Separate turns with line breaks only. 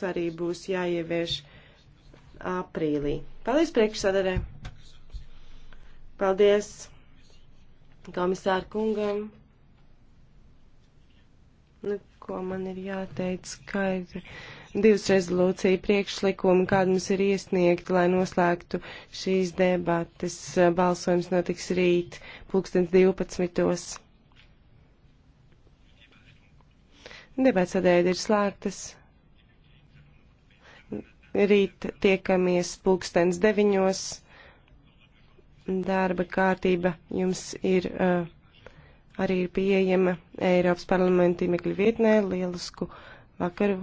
Tas arī būs jāievieš aprīlī. Paldies priekšsadarē! Paldies komisāru kungam! Nu, ko man ir jāteic, ka ir divas rezolūcija priekšlikumi, kāda mums ir iesniegta, lai noslēgtu šīs debates. Balsojums notiks rīt, pulkstens 12. Debats adēļ ir slēgtas rīt tiekamies pulkstens deviņos. Darba kārtība jums ir uh, arī ir pieejama Eiropas parlamenta imekļu vietnē. Lielisku vakaru!